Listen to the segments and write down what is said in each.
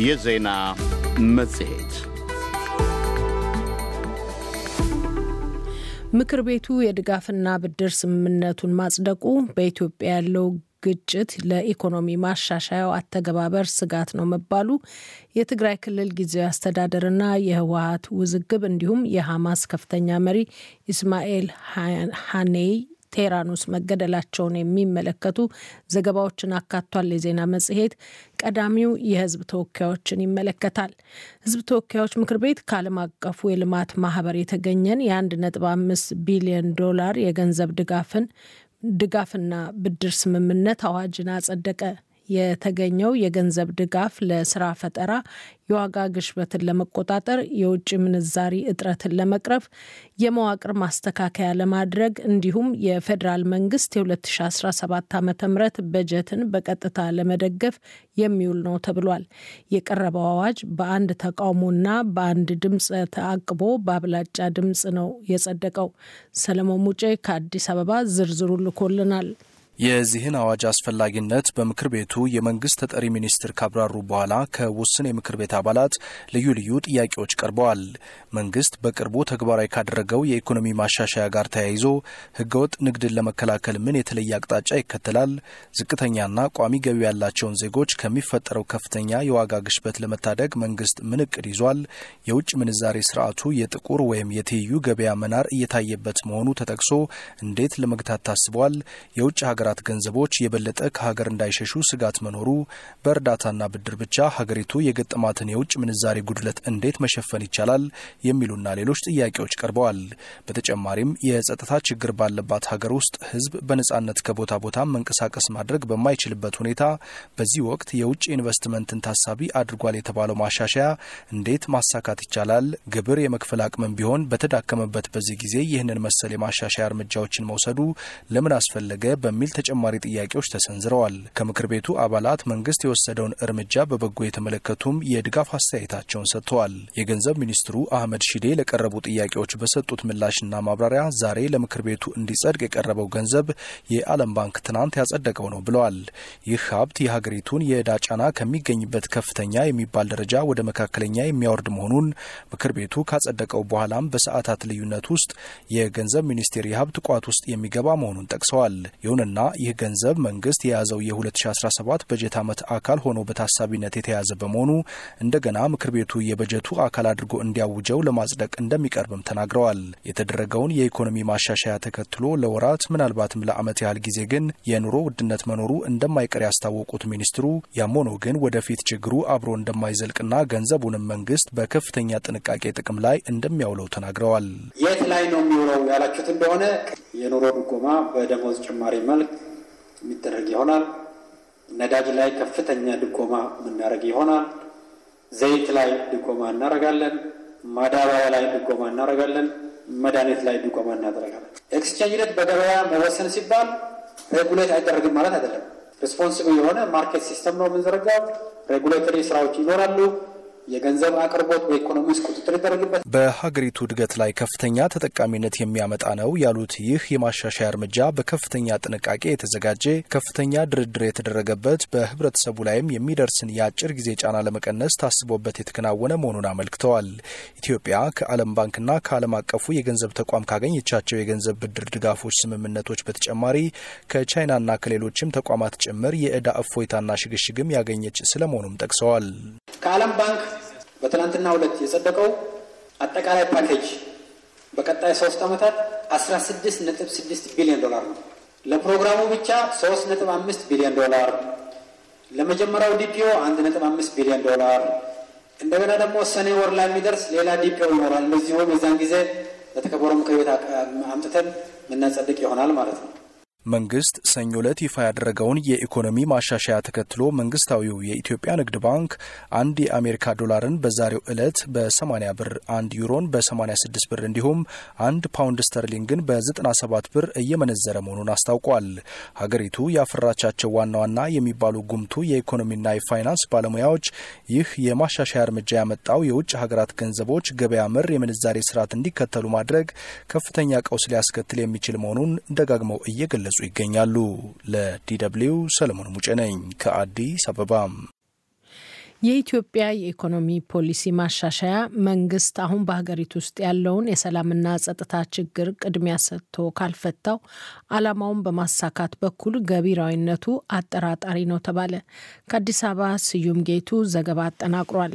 የዜና መጽሔት ምክር ቤቱ የድጋፍና ብድር ስምምነቱን ማጽደቁ በኢትዮጵያ ያለው ግጭት ለኢኮኖሚ ማሻሻያው አተገባበር ስጋት ነው መባሉ፣ የትግራይ ክልል ጊዜያዊ አስተዳደርና የህወሀት ውዝግብ እንዲሁም የሐማስ ከፍተኛ መሪ ኢስማኤል ሃኔይ ቴህራን ውስጥ መገደላቸውን የሚመለከቱ ዘገባዎችን አካቷል። የዜና መጽሔት ቀዳሚው የህዝብ ተወካዮችን ይመለከታል። ህዝብ ተወካዮች ምክር ቤት ከዓለም አቀፉ የልማት ማህበር የተገኘን የ1.5 ቢሊዮን ዶላር የገንዘብ ድጋፍን ድጋፍና ብድር ስምምነት አዋጅን አጸደቀ። የተገኘው የገንዘብ ድጋፍ ለስራ ፈጠራ፣ የዋጋ ግሽበትን ለመቆጣጠር፣ የውጭ ምንዛሪ እጥረትን ለመቅረፍ፣ የመዋቅር ማስተካከያ ለማድረግ እንዲሁም የፌዴራል መንግስት የ2017 ዓ ም በጀትን በቀጥታ ለመደገፍ የሚውል ነው ተብሏል። የቀረበው አዋጅ በአንድ ተቃውሞና በአንድ ድምፅ ተአቅቦ በአብላጫ ድምፅ ነው የጸደቀው። ሰለሞን ሙጬ ከአዲስ አበባ ዝርዝሩ ልኮልናል። የዚህን አዋጅ አስፈላጊነት በምክር ቤቱ የመንግስት ተጠሪ ሚኒስትር ካብራሩ በኋላ ከውስን የምክር ቤት አባላት ልዩ ልዩ ጥያቄዎች ቀርበዋል። መንግስት በቅርቡ ተግባራዊ ካደረገው የኢኮኖሚ ማሻሻያ ጋር ተያይዞ ህገወጥ ንግድን ለመከላከል ምን የተለየ አቅጣጫ ይከተላል? ዝቅተኛና ቋሚ ገቢ ያላቸውን ዜጎች ከሚፈጠረው ከፍተኛ የዋጋ ግሽበት ለመታደግ መንግስት ምን እቅድ ይዟል? የውጭ ምንዛሬ ስርዓቱ የጥቁር ወይም የትይዩ ገበያ መናር እየታየበት መሆኑ ተጠቅሶ እንዴት ለመግታት ታስቧል? የውጭ ሀገራት የሀገራት ገንዘቦች የበለጠ ከሀገር እንዳይሸሹ ስጋት መኖሩ፣ በእርዳታና ብድር ብቻ ሀገሪቱ የገጠማትን የውጭ ምንዛሬ ጉድለት እንዴት መሸፈን ይቻላል የሚሉና ሌሎች ጥያቄዎች ቀርበዋል። በተጨማሪም የጸጥታ ችግር ባለባት ሀገር ውስጥ ህዝብ በነጻነት ከቦታ ቦታ መንቀሳቀስ ማድረግ በማይችልበት ሁኔታ በዚህ ወቅት የውጭ ኢንቨስትመንትን ታሳቢ አድርጓል የተባለው ማሻሻያ እንዴት ማሳካት ይቻላል? ግብር የመክፈል አቅምም ቢሆን በተዳከመበት በዚህ ጊዜ ይህንን መሰል የማሻሻያ እርምጃዎችን መውሰዱ ለምን አስፈለገ? በሚል ተጨማሪ ጥያቄዎች ተሰንዝረዋል። ከምክር ቤቱ አባላት መንግስት የወሰደውን እርምጃ በበጎ የተመለከቱም የድጋፍ አስተያየታቸውን ሰጥተዋል። የገንዘብ ሚኒስትሩ አህመድ ሺዴ ለቀረቡ ጥያቄዎች በሰጡት ምላሽና ማብራሪያ ዛሬ ለምክር ቤቱ እንዲጸድቅ የቀረበው ገንዘብ የዓለም ባንክ ትናንት ያጸደቀው ነው ብለዋል። ይህ ሀብት የሀገሪቱን የዕዳ ጫና ከሚገኝበት ከፍተኛ የሚባል ደረጃ ወደ መካከለኛ የሚያወርድ መሆኑን ምክር ቤቱ ካጸደቀው በኋላም በሰዓታት ልዩነት ውስጥ የገንዘብ ሚኒስቴር የሀብት ቋት ውስጥ የሚገባ መሆኑን ጠቅሰዋል። ይሁንና ይህ ገንዘብ መንግስት የያዘው የ2017 በጀት ዓመት አካል ሆኖ በታሳቢነት የተያዘ በመሆኑ እንደገና ምክር ቤቱ የበጀቱ አካል አድርጎ እንዲያውጀው ለማጽደቅ እንደሚቀርብም ተናግረዋል። የተደረገውን የኢኮኖሚ ማሻሻያ ተከትሎ ለወራት ምናልባትም ለዓመት ያህል ጊዜ ግን የኑሮ ውድነት መኖሩ እንደማይቀር ያስታወቁት ሚኒስትሩ ያም ሆኖ ግን ወደፊት ችግሩ አብሮ እንደማይዘልቅና ገንዘቡንም መንግስት በከፍተኛ ጥንቃቄ ጥቅም ላይ እንደሚያውለው ተናግረዋል። የት ላይ ነው የሚውለው ያላችሁት እንደሆነ የኑሮ ድጎማ በደሞዝ ጭማሪ መልክ የሚደረግ ይሆናል። ነዳጅ ላይ ከፍተኛ ድጎማ የምናደርግ ይሆናል። ዘይት ላይ ድጎማ እናደርጋለን። ማዳበሪያ ላይ ድጎማ እናደርጋለን። መድኃኒት ላይ ድጎማ እናደርጋለን። ኤክስቼንጅ ሬት በገበያ መወሰን ሲባል ሬጉሌት አይደረግም ማለት አይደለም። ሪስፖንስብል የሆነ ማርኬት ሲስተም ነው የምንዘረጋው። ሬጉሌተሪ ስራዎች ይኖራሉ። የገንዘብ አቅርቦት በኢኮኖሚ ውስጥ ቁጥጥር ይደረግበት በሀገሪቱ እድገት ላይ ከፍተኛ ተጠቃሚነት የሚያመጣ ነው ያሉት ይህ የማሻሻያ እርምጃ በከፍተኛ ጥንቃቄ የተዘጋጀ ከፍተኛ ድርድር የተደረገበት በህብረተሰቡ ላይም የሚደርስን የአጭር ጊዜ ጫና ለመቀነስ ታስቦበት የተከናወነ መሆኑን አመልክተዋል። ኢትዮጵያ ከዓለም ባንክና ከዓለም አቀፉ የገንዘብ ተቋም ካገኘቻቸው የገንዘብ ብድር ድጋፎች ስምምነቶች በተጨማሪ ከቻይናና ከሌሎችም ተቋማት ጭምር የእዳ እፎይታና ሽግሽግም ያገኘች ስለመሆኑም ጠቅሰዋል። ከዓለም ባንክ በትናንትና ሁለት የጸደቀው አጠቃላይ ፓኬጅ በቀጣይ ሶስት ዓመታት 16.6 ቢሊዮን ዶላር ነው። ለፕሮግራሙ ብቻ 3.5 ቢሊዮን ዶላር፣ ለመጀመሪያው ዲፒዮ 1.5 ቢሊዮን ዶላር፣ እንደገና ደግሞ ሰኔ ወር ላይ የሚደርስ ሌላ ዲፒዮ ይኖራል። እንደዚሁም የዛን ጊዜ ለተከበረው ምክር ቤት አምጥተን የምናጸድቅ ይሆናል ማለት ነው። መንግስት ሰኞ ዕለት ይፋ ያደረገውን የኢኮኖሚ ማሻሻያ ተከትሎ መንግስታዊው የኢትዮጵያ ንግድ ባንክ አንድ የአሜሪካ ዶላርን በዛሬው ዕለት በ80 ብር፣ አንድ ዩሮን በ86 ብር እንዲሁም አንድ ፓውንድ ስተርሊንግን በ97 ብር እየመነዘረ መሆኑን አስታውቋል። ሀገሪቱ ያፈራቻቸው ዋና ዋና የሚባሉ ጉምቱ የኢኮኖሚና የፋይናንስ ባለሙያዎች ይህ የማሻሻያ እርምጃ ያመጣው የውጭ ሀገራት ገንዘቦች ገበያ መር የምንዛሬ ስርዓት እንዲከተሉ ማድረግ ከፍተኛ ቀውስ ሊያስከትል የሚችል መሆኑን ደጋግመው እየገለጹ እየገለጹ ይገኛሉ። ለዲደብሊው ሰለሞን ሙጬ ነኝ ከአዲስ አበባ። የኢትዮጵያ የኢኮኖሚ ፖሊሲ ማሻሻያ መንግስት አሁን በሀገሪቱ ውስጥ ያለውን የሰላምና ጸጥታ ችግር ቅድሚያ ሰጥቶ ካልፈታው ዓላማውን በማሳካት በኩል ገቢራዊነቱ አጠራጣሪ ነው ተባለ። ከአዲስ አበባ ስዩም ጌቱ ዘገባ አጠናቅሯል።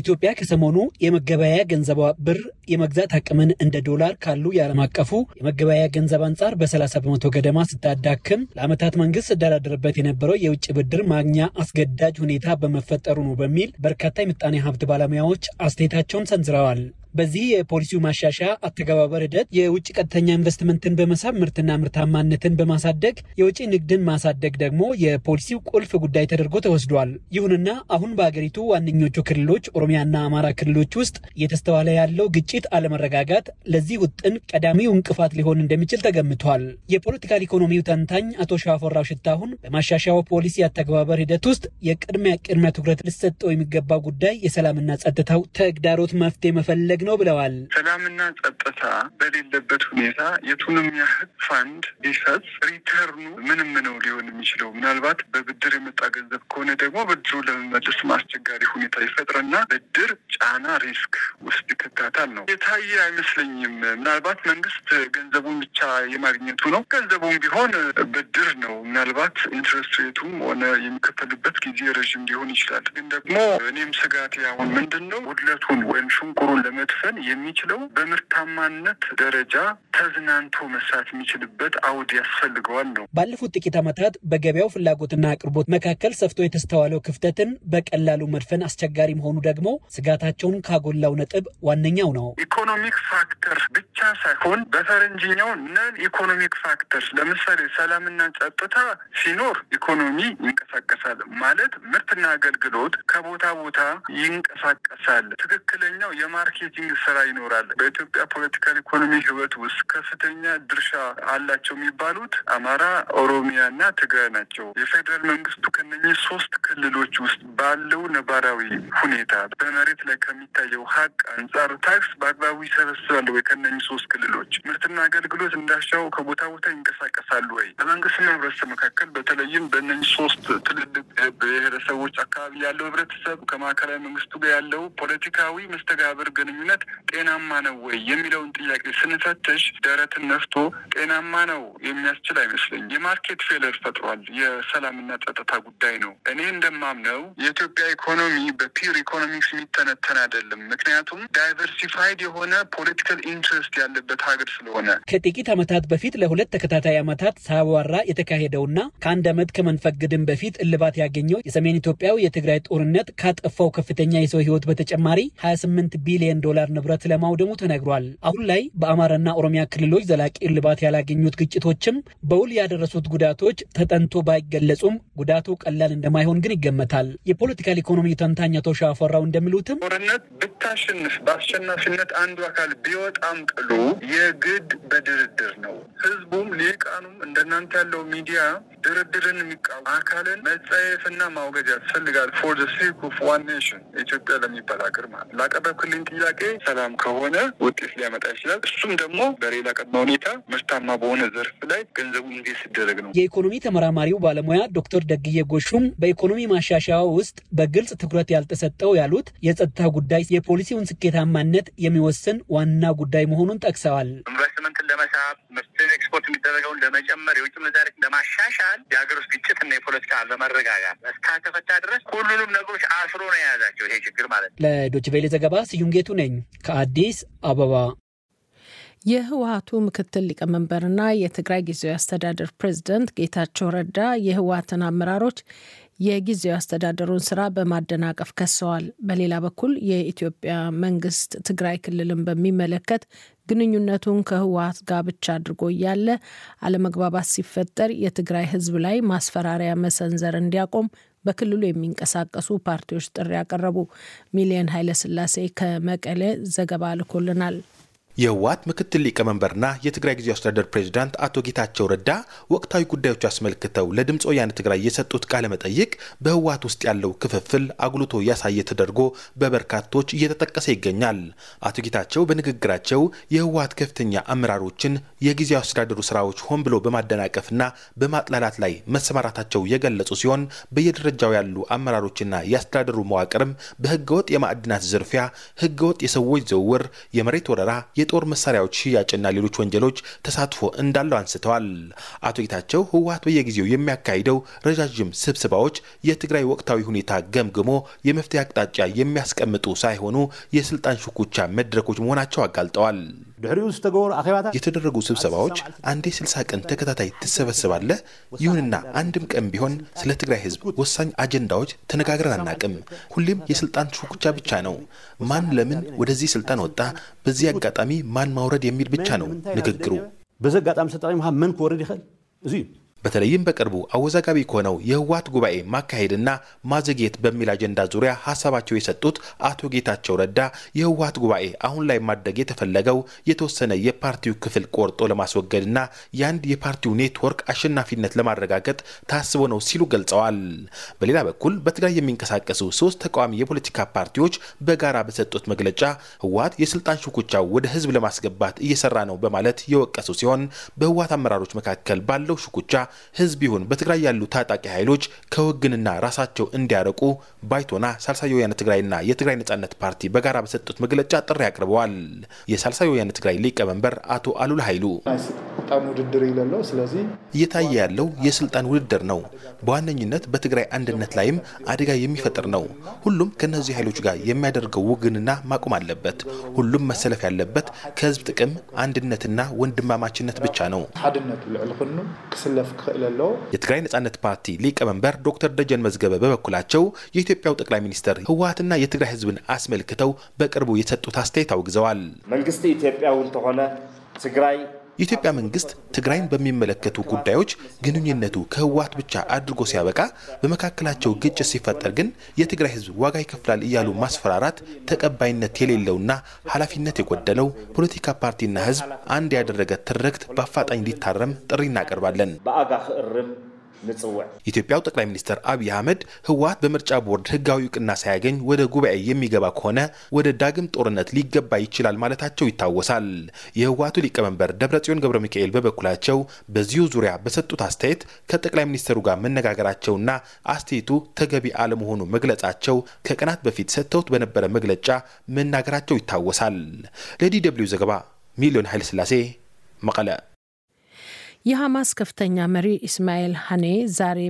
ኢትዮጵያ ከሰሞኑ የመገበያያ ገንዘቧ ብር የመግዛት አቅምን እንደ ዶላር ካሉ የዓለም አቀፉ የመገበያያ ገንዘብ አንጻር በ30 በመቶ ገደማ ስታዳክም ለዓመታት መንግስት ስደራደርበት የነበረው የውጭ ብድር ማግኛ አስገዳጅ ሁኔታ በመፈጠሩ ነው በሚል በርካታ የምጣኔ ሀብት ባለሙያዎች አስተያየታቸውን ሰንዝረዋል። በዚህ የፖሊሲው ማሻሻያ አተገባበር ሂደት የውጭ ቀጥተኛ ኢንቨስትመንትን በመሳብ ምርትና ምርታማነትን በማሳደግ የውጭ ንግድን ማሳደግ ደግሞ የፖሊሲው ቁልፍ ጉዳይ ተደርጎ ተወስዷል። ይሁንና አሁን በሀገሪቱ ዋነኞቹ ክልሎች ኦሮሚያና አማራ ክልሎች ውስጥ እየተስተዋለ ያለው ግጭት፣ አለመረጋጋት ለዚህ ውጥን ቀዳሚው እንቅፋት ሊሆን እንደሚችል ተገምቷል። የፖለቲካል ኢኮኖሚው ተንታኝ አቶ ሻፈራው ሽታሁን በማሻሻያው ፖሊሲ አተገባበር ሂደት ውስጥ የቅድሚያ ቅድሚያ ትኩረት ሊሰጠው የሚገባው ጉዳይ የሰላምና ጸጥታው ተግዳሮት መፍትሄ መፈለግ ነው ብለዋል። ሰላምና ጸጥታ በሌለበት ሁኔታ የቱንም ያህል ፋንድ ቢሰጥ ሪተርኑ ምንም ነው ሊሆን የሚችለው። ምናልባት በብድር የመጣ ገንዘብ ከሆነ ደግሞ ብድሩ ለመመለስ አስቸጋሪ ሁኔታ ይፈጥረና ብድር ጫና ሪስክ ውስጥ ይከታታል ነው የታየ አይመስለኝም። ምናልባት መንግስት ገንዘቡን ብቻ የማግኘቱ ነው። ገንዘቡም ቢሆን ብድር ነው። ምናልባት ኢንትረስት ሬቱም ሆነ የሚከፈልበት ጊዜ ረዥም ሊሆን ይችላል። ግን ደግሞ እኔም ስጋቴ አሁን ምንድን ነው ጉድለቱን ወይም ሽንቁሩን ለመት መድፈን የሚችለው በምርታማነት ደረጃ ተዝናንቶ መስራት የሚችልበት አውድ ያስፈልገዋል ነው። ባለፉት ጥቂት ዓመታት በገበያው ፍላጎትና አቅርቦት መካከል ሰፍቶ የተስተዋለው ክፍተትን በቀላሉ መድፈን አስቸጋሪ መሆኑ ደግሞ ስጋታቸውን ካጎላው ነጥብ ዋነኛው ነው። ኢኮኖሚክ ፋክተር ብቻ ሳይሆን በፈረንጅኛው ነን ኢኮኖሚክ ፋክተር፣ ለምሳሌ ሰላምና ጸጥታ ሲኖር ኢኮኖሚ ይንቀሳቀሳል ማለት ምርትና አገልግሎት ከቦታ ቦታ ይንቀሳቀሳል። ትክክለኛው የማርኬት ስራ ይኖራል። በኢትዮጵያ ፖለቲካል ኢኮኖሚ ህይወት ውስጥ ከፍተኛ ድርሻ አላቸው የሚባሉት አማራ፣ ኦሮሚያ እና ትግራይ ናቸው። የፌዴራል መንግስቱ ከነኚህ ሶስት ክልሎች ውስጥ ባለው ነባራዊ ሁኔታ በመሬት ላይ ከሚታየው ሀቅ አንጻር ታክስ በአግባቡ ይሰበስባል ወይ? ከነኚህ ሶስት ክልሎች ምርትና አገልግሎት እንዳሻው ከቦታ ቦታ ይንቀሳቀሳሉ ወይ? በመንግስትና ህብረተሰብ መካከል በተለይም በነ ሶስት ትልልቅ ብሔረሰቦች አካባቢ ያለው ህብረተሰብ ከማዕከላዊ መንግስቱ ጋር ያለው ፖለቲካዊ መስተጋብር ግንኙነት ሰውነት ጤናማ ነው ወይ የሚለውን ጥያቄ ስንፈትሽ ደረትን ነፍቶ ጤናማ ነው የሚያስችል አይመስለኝ። የማርኬት ፌለር ፈጥሯል። የሰላምና ጸጥታ ጉዳይ ነው። እኔ እንደማምነው የኢትዮጵያ ኢኮኖሚ በፒር ኢኮኖሚክስ የሚተነተን አይደለም። ምክንያቱም ዳይቨርሲፋይድ የሆነ ፖለቲካል ኢንትረስት ያለበት ሀገር ስለሆነ ከጥቂት ዓመታት በፊት ለሁለት ተከታታይ ዓመታት ሳያዋራ የተካሄደውና ከአንድ ዓመት ከመንፈግድን በፊት እልባት ያገኘው የሰሜን ኢትዮጵያው የትግራይ ጦርነት ካጠፋው ከፍተኛ የሰው ህይወት በተጨማሪ 28 ቢሊዮን ዶላር ዶላር ንብረት ለማውደሙ ተነግሯል። አሁን ላይ በአማራና ኦሮሚያ ክልሎች ዘላቂ እልባት ያላገኙት ግጭቶችም በውል ያደረሱት ጉዳቶች ተጠንቶ ባይገለጹም ጉዳቱ ቀላል እንደማይሆን ግን ይገመታል። የፖለቲካል ኢኮኖሚ ተንታኝ አቶ ሻፈራው እንደሚሉትም ጦርነት ብታሸንፍ በአሸናፊነት አንዱ አካል ቢወጣም ቅሉ የግድ በድርድር ነው። ህዝቡም ሊቃኑም እንደናንተ ያለው ሚዲያ ድርድርን የሚቃወም አካልን መጸየፍና ማውገድ ያስፈልጋል። ፎር ዘ ሴክ ኦፍ ዋን ኔሽን ኢትዮጵያ ለሚባል ሀገር ማለት ላቀረብክልኝ ጥያቄ ሰላም ከሆነ ውጤት ሊያመጣ ይችላል። እሱም ደግሞ በሌላ ቀድመ ሁኔታ ምርታማ በሆነ ዘርፍ ላይ ገንዘቡ እንዴት ሲደረግ ነው። የኢኮኖሚ ተመራማሪው ባለሙያ ዶክተር ደግዬ ጎሹም በኢኮኖሚ ማሻሻያ ውስጥ በግልጽ ትኩረት ያልተሰጠው ያሉት የጸጥታ ጉዳይ የፖሊሲውን ስኬታማነት የሚወስን ዋና ጉዳይ መሆኑን ጠቅሰዋል። ኢንቨስትመንትን ለመሳብ ምርትን ኤክስፖርት የሚደረገውን ለመጨመር የውጭ ምንዛሪ ለማሻሻል የሀገር ውስጥ እና የፖለቲካ አለመረጋጋት እስካልተፈታ ድረስ ሁሉንም ነገሮች አስሮ ነው የያዛቸው ይሄ ችግር ማለት ነው። ለዶች ቬሌ ዘገባ ስዩም ጌቱ ነኝ ከአዲስ አበባ። የህወሀቱ ምክትል ሊቀመንበርና የትግራይ ጊዜያዊ አስተዳደር ፕሬዚደንት ጌታቸው ረዳ የህወሀትን አመራሮች የጊዜያዊ አስተዳደሩን ስራ በማደናቀፍ ከሰዋል። በሌላ በኩል የኢትዮጵያ መንግስት ትግራይ ክልልን በሚመለከት ግንኙነቱን ከህወሀት ጋር ብቻ አድርጎ እያለ አለመግባባት ሲፈጠር የትግራይ ህዝብ ላይ ማስፈራሪያ መሰንዘር እንዲያቆም በክልሉ የሚንቀሳቀሱ ፓርቲዎች ጥሪ ያቀረቡ። ሚሊየን ኃይለስላሴ ከመቀሌ ዘገባ ልኮልናል። የህወሓት ምክትል ሊቀመንበርና የትግራይ ጊዜያዊ አስተዳደር ፕሬዚዳንት አቶ ጌታቸው ረዳ ወቅታዊ ጉዳዮች አስመልክተው ለድምፅ ወያነ ትግራይ የሰጡት ቃለ መጠይቅ በህወሓት ውስጥ ያለው ክፍፍል አጉልቶ ያሳየ ተደርጎ በበርካቶች እየተጠቀሰ ይገኛል። አቶ ጌታቸው በንግግራቸው የህወሓት ከፍተኛ አመራሮችን የጊዜያዊ አስተዳደሩ ስራዎች ሆን ብሎ በማደናቀፍና በማጥላላት ላይ መሰማራታቸው የገለጹ ሲሆን በየደረጃው ያሉ አመራሮችና የአስተዳደሩ መዋቅርም በህገወጥ የማዕድናት ዝርፊያ፣ ህገወጥ የሰዎች ዝውውር፣ የመሬት ወረራ የጦር መሳሪያዎች ሽያጭና ሌሎች ወንጀሎች ተሳትፎ እንዳለው አንስተዋል። አቶ ጌታቸው ህወሀት በየጊዜው የሚያካሂደው ረዣዥም ስብሰባዎች የትግራይ ወቅታዊ ሁኔታ ገምግሞ የመፍትሄ አቅጣጫ የሚያስቀምጡ ሳይሆኑ የስልጣን ሽኩቻ መድረኮች መሆናቸው አጋልጠዋል። የተደረጉ ስብሰባዎች አንዴ 60 ቀን ተከታታይ ትሰበሰባለ ይሁንና አንድም ቀን ቢሆን ስለ ትግራይ ህዝብ ወሳኝ አጀንዳዎች ተነጋግረን አናቅም። ሁሌም የስልጣን ሹኩቻ ብቻ ነው። ማን ለምን ወደዚህ ስልጣን ወጣ፣ በዚህ አጋጣሚ ማን ማውረድ የሚል ብቻ ነው ንግግሩ። በዚ አጋጣሚ ስልጣን ምን ክወርድ ይኽእል እዚ እዩ በተለይም በቅርቡ አወዛጋቢ ከሆነው የህወሀት ጉባኤ ማካሄድና ማዘግየት በሚል አጀንዳ ዙሪያ ሀሳባቸው የሰጡት አቶ ጌታቸው ረዳ የህወሀት ጉባኤ አሁን ላይ ማድረግ የተፈለገው የተወሰነ የፓርቲው ክፍል ቆርጦ ለማስወገድና የአንድ የፓርቲው ኔትወርክ አሸናፊነት ለማረጋገጥ ታስቦ ነው ሲሉ ገልጸዋል። በሌላ በኩል በትግራይ የሚንቀሳቀሱ ሶስት ተቃዋሚ የፖለቲካ ፓርቲዎች በጋራ በሰጡት መግለጫ ህወሀት የስልጣን ሽኩቻው ወደ ህዝብ ለማስገባት እየሰራ ነው በማለት የወቀሱ ሲሆን በህወሀት አመራሮች መካከል ባለው ሽኩቻ ህዝብ ይሁን በትግራይ ያሉ ታጣቂ ኃይሎች ከውግንና ራሳቸው እንዲያረቁ ባይቶና ሳልሳይ ወያነ ትግራይና የትግራይ ነጻነት ፓርቲ በጋራ በሰጡት መግለጫ ጥሪ አቅርበዋል። የሳልሳይ ወያነ ትግራይ ሊቀመንበር አቶ አሉላ ኃይሉ እየታየ ያለው የስልጣን ውድድር ነው። በዋነኝነት በትግራይ አንድነት ላይም አደጋ የሚፈጥር ነው። ሁሉም ከነዚህ ኃይሎች ጋር የሚያደርገው ውግንና ማቆም አለበት። ሁሉም መሰለፍ ያለበት ከህዝብ ጥቅም አንድነትና ወንድማማችነት ብቻ ነው። ሓድነት ልዕል ክስለፍ የትግራይ ነጻነት ፓርቲ ሊቀመንበር ዶክተር ደጀን መዝገበ በበኩላቸው የኢትዮጵያው ጠቅላይ ሚኒስትር ህወሀትና የትግራይ ህዝብን አስመልክተው በቅርቡ የሰጡት አስተያየት አውግዘዋል። መንግስቲ ኢትዮጵያዊ ተሆነ ትግራይ የኢትዮጵያ መንግስት ትግራይን በሚመለከቱ ጉዳዮች ግንኙነቱ ከህወሀት ብቻ አድርጎ ሲያበቃ በመካከላቸው ግጭት ሲፈጠር ግን የትግራይ ህዝብ ዋጋ ይከፍላል እያሉ ማስፈራራት ተቀባይነት የሌለውና ኃላፊነት የጎደለው ፖለቲካ ፓርቲና ህዝብ አንድ ያደረገ ትርክት በአፋጣኝ ሊታረም ጥሪ እናቀርባለን። ንጽውዕ ኢትዮጵያው ጠቅላይ ሚኒስትር አብይ አህመድ ህወሀት በምርጫ ቦርድ ህጋዊ እውቅና ሳያገኝ ወደ ጉባኤ የሚገባ ከሆነ ወደ ዳግም ጦርነት ሊገባ ይችላል ማለታቸው ይታወሳል። የህወሀቱ ሊቀመንበር ደብረጽዮን ገብረ ሚካኤል በበኩላቸው በዚሁ ዙሪያ በሰጡት አስተያየት ከጠቅላይ ሚኒስትሩ ጋር መነጋገራቸውና አስተያየቱ ተገቢ አለመሆኑ መግለጻቸው ከቀናት በፊት ሰጥተውት በነበረ መግለጫ መናገራቸው ይታወሳል። ለዲ ደብልዩ ዘገባ ሚሊዮን ኃይለስላሴ መቀለ የሐማስ ከፍተኛ መሪ ኢስማኤል ሀኔ ዛሬ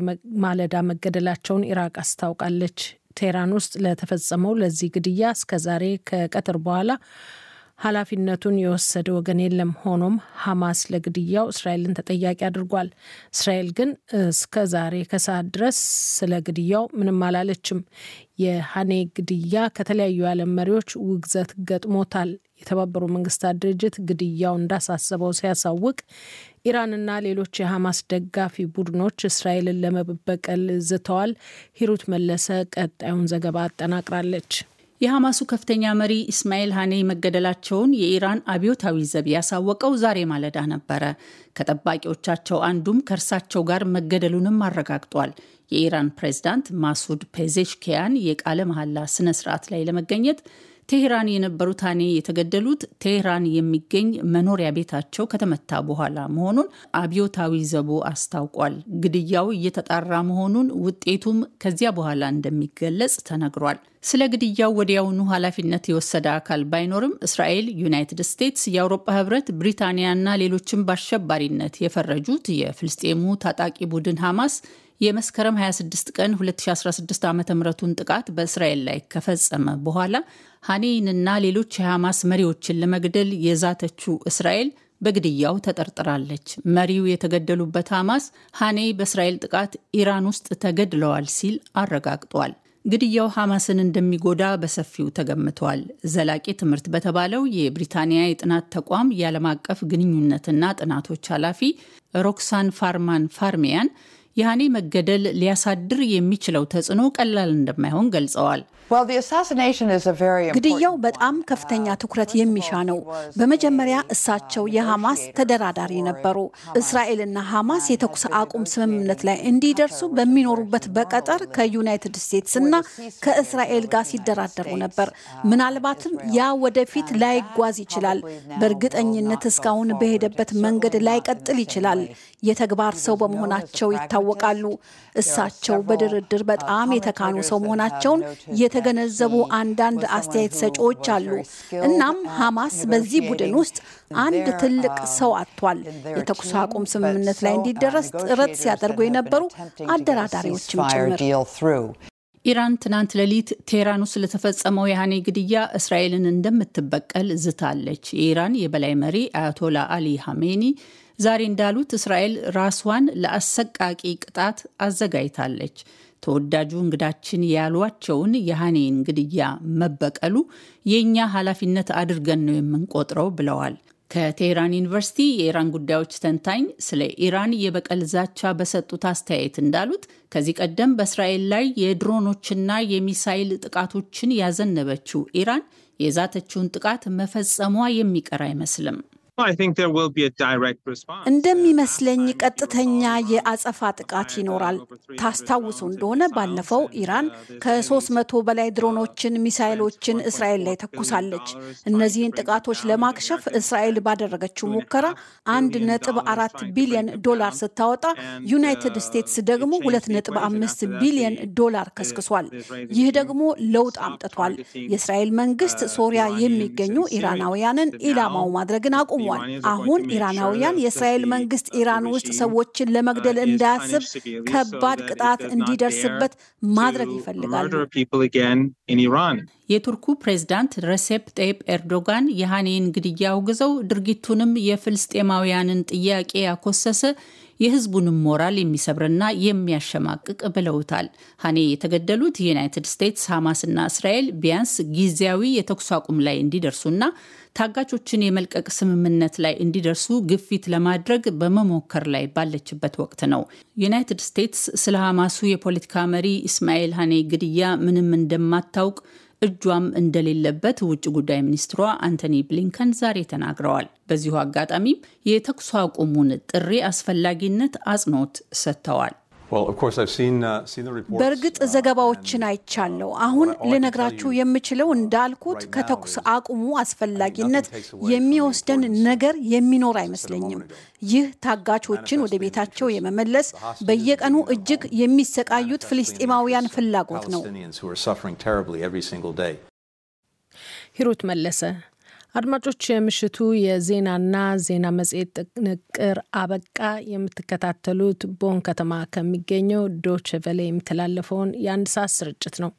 ማለዳ መገደላቸውን ኢራቅ አስታውቃለች። ቴህራን ውስጥ ለተፈጸመው ለዚህ ግድያ እስከ ዛሬ ከቀትር በኋላ ኃላፊነቱን የወሰደ ወገን የለም። ሆኖም ሐማስ ለግድያው እስራኤልን ተጠያቂ አድርጓል። እስራኤል ግን እስከ ዛሬ ከሰዓት ድረስ ስለ ግድያው ምንም አላለችም። የሀኔ ግድያ ከተለያዩ የዓለም መሪዎች ውግዘት ገጥሞታል። የተባበሩ መንግስታት ድርጅት ግድያው እንዳሳሰበው ሲያሳውቅ ኢራንና ሌሎች የሐማስ ደጋፊ ቡድኖች እስራኤልን ለመበቀል ዝተዋል። ሂሩት መለሰ ቀጣዩን ዘገባ አጠናቅራለች። የሐማሱ ከፍተኛ መሪ ኢስማኤል ሀኔ መገደላቸውን የኢራን አብዮታዊ ዘብ ያሳወቀው ዛሬ ማለዳ ነበረ። ከጠባቂዎቻቸው አንዱም ከእርሳቸው ጋር መገደሉንም አረጋግጧል። የኢራን ፕሬዝዳንት ማሱድ ፔዜሽኪያን የቃለ መሐላ ስነ ስርዓት ላይ ለመገኘት ቴሄራን የነበሩ ታኔ የተገደሉት ቴህራን የሚገኝ መኖሪያ ቤታቸው ከተመታ በኋላ መሆኑን አብዮታዊ ዘቦ አስታውቋል። ግድያው እየተጣራ መሆኑን ውጤቱም ከዚያ በኋላ እንደሚገለጽ ተነግሯል። ስለ ግድያው ወዲያውኑ ኃላፊነት የወሰደ አካል ባይኖርም እስራኤል፣ ዩናይትድ ስቴትስ፣ የአውሮፓ ህብረት፣ ብሪታንያና ሌሎችም በአሸባሪነት የፈረጁት የፍልስጤሙ ታጣቂ ቡድን ሐማስ የመስከረም 26 ቀን 2016 ምቱን ጥቃት በእስራኤል ላይ ከፈጸመ በኋላ ሐኔይንና ሌሎች የሐማስ መሪዎችን ለመግደል የዛተችው እስራኤል በግድያው ተጠርጥራለች። መሪው የተገደሉበት ሐማስ ሐኔይ በእስራኤል ጥቃት ኢራን ውስጥ ተገድለዋል ሲል አረጋግጧል። ግድያው ሐማስን እንደሚጎዳ በሰፊው ተገምቷል። ዘላቂ ትምህርት በተባለው የብሪታንያ የጥናት ተቋም የዓለም አቀፍ ግንኙነትና ጥናቶች ኃላፊ ሮክሳን ፋርማን ፋርሚያን የሃኔ መገደል ሊያሳድር የሚችለው ተጽዕኖ ቀላል እንደማይሆን ገልጸዋል። ግድያው በጣም ከፍተኛ ትኩረት የሚሻ ነው። በመጀመሪያ እሳቸው የሐማስ ተደራዳሪ ነበሩ። እስራኤልና ሐማስ የተኩስ አቁም ስምምነት ላይ እንዲደርሱ በሚኖሩበት በቀጠር ከዩናይትድ ስቴትስ እና ከእስራኤል ጋር ሲደራደሩ ነበር። ምናልባትም ያ ወደፊት ላይጓዝ ይችላል። በእርግጠኝነት እስካሁን በሄደበት መንገድ ላይቀጥል ይችላል። የተግባር ሰው በመሆናቸው ይታወቃል። ይታወቃሉ። እሳቸው በድርድር በጣም የተካኑ ሰው መሆናቸውን የተገነዘቡ አንዳንድ አስተያየት ሰጪዎች አሉ። እናም ሐማስ በዚህ ቡድን ውስጥ አንድ ትልቅ ሰው አጥቷል። የተኩስ አቁም ስምምነት ላይ እንዲደረስ ጥረት ሲያደርጉ የነበሩ አደራዳሪዎችም ጭምር። ኢራን ትናንት ሌሊት ቴህራን ውስጥ ለተፈጸመው የሃኔ ግድያ እስራኤልን እንደምትበቀል ዝታለች። የኢራን የበላይ መሪ አያቶላ አሊ ሐሜኒ ዛሬ እንዳሉት እስራኤል ራሷን ለአሰቃቂ ቅጣት አዘጋጅታለች። ተወዳጁ እንግዳችን ያሏቸውን የሃኔን ግድያ መበቀሉ የእኛ ኃላፊነት አድርገን ነው የምንቆጥረው ብለዋል። ከቴህራን ዩኒቨርሲቲ የኢራን ጉዳዮች ተንታኝ ስለ ኢራን የበቀል ዛቻ በሰጡት አስተያየት እንዳሉት ከዚህ ቀደም በእስራኤል ላይ የድሮኖችና የሚሳይል ጥቃቶችን ያዘነበችው ኢራን የዛተችውን ጥቃት መፈጸሟ የሚቀር አይመስልም። እንደሚመስለኝ ቀጥተኛ የአጸፋ ጥቃት ይኖራል። ታስታውሱ እንደሆነ ባለፈው ኢራን ከ300 በላይ ድሮኖችን፣ ሚሳይሎችን እስራኤል ላይ ተኩሳለች። እነዚህን ጥቃቶች ለማክሸፍ እስራኤል ባደረገችው ሙከራ 1.4 ቢሊዮን ዶላር ስታወጣ ዩናይትድ ስቴትስ ደግሞ 2.5 ቢሊዮን ዶላር ከስክሷል። ይህ ደግሞ ለውጥ አምጥቷል። የእስራኤል መንግስት ሶሪያ የሚገኙ ኢራናውያንን ኢላማው ማድረግን አቁሙ ቆሟል። አሁን ኢራናውያን የእስራኤል መንግስት ኢራን ውስጥ ሰዎችን ለመግደል እንዳያስብ ከባድ ቅጣት እንዲደርስበት ማድረግ ይፈልጋሉ። የቱርኩ ፕሬዝዳንት ረሴፕ ጠይብ ኤርዶጋን የሃኔን ግድያ አውግዘው ድርጊቱንም የፍልስጤማውያንን ጥያቄ ያኮሰሰ የህዝቡንም ሞራል የሚሰብርና የሚያሸማቅቅ ብለውታል። ሀኔ የተገደሉት ዩናይትድ ስቴትስ ሐማስና እስራኤል ቢያንስ ጊዜያዊ የተኩስ አቁም ላይ እንዲደርሱና ታጋቾችን የመልቀቅ ስምምነት ላይ እንዲደርሱ ግፊት ለማድረግ በመሞከር ላይ ባለችበት ወቅት ነው። ዩናይትድ ስቴትስ ስለ ሐማሱ የፖለቲካ መሪ ኢስማኤል ሀኔ ግድያ ምንም እንደማታውቅ እጇም እንደሌለበት ውጭ ጉዳይ ሚኒስትሯ አንቶኒ ብሊንከን ዛሬ ተናግረዋል። በዚሁ አጋጣሚም የተኩስ አቁሙን ጥሪ አስፈላጊነት አጽንኦት ሰጥተዋል። Uh, በእርግጥ uh, ዘገባዎችን አይቻለሁ። አሁን ልነግራችሁ የምችለው እንዳልኩት ከተኩስ አቁሙ አስፈላጊነት የሚወስደን ነገር የሚኖር አይመስለኝም። ይህ ታጋቾችን ወደ ቤታቸው የመመለስ በየቀኑ እጅግ የሚሰቃዩት ፍልስጤማውያን ፍላጎት ነው። ሂሩት መለሰ አድማጮች የምሽቱ የዜናና ዜና መጽሔት ጥንቅር አበቃ። የምትከታተሉት ቦን ከተማ ከሚገኘው ዶችቨሌ የሚተላለፈውን የአንድ ሰዓት ስርጭት ነው።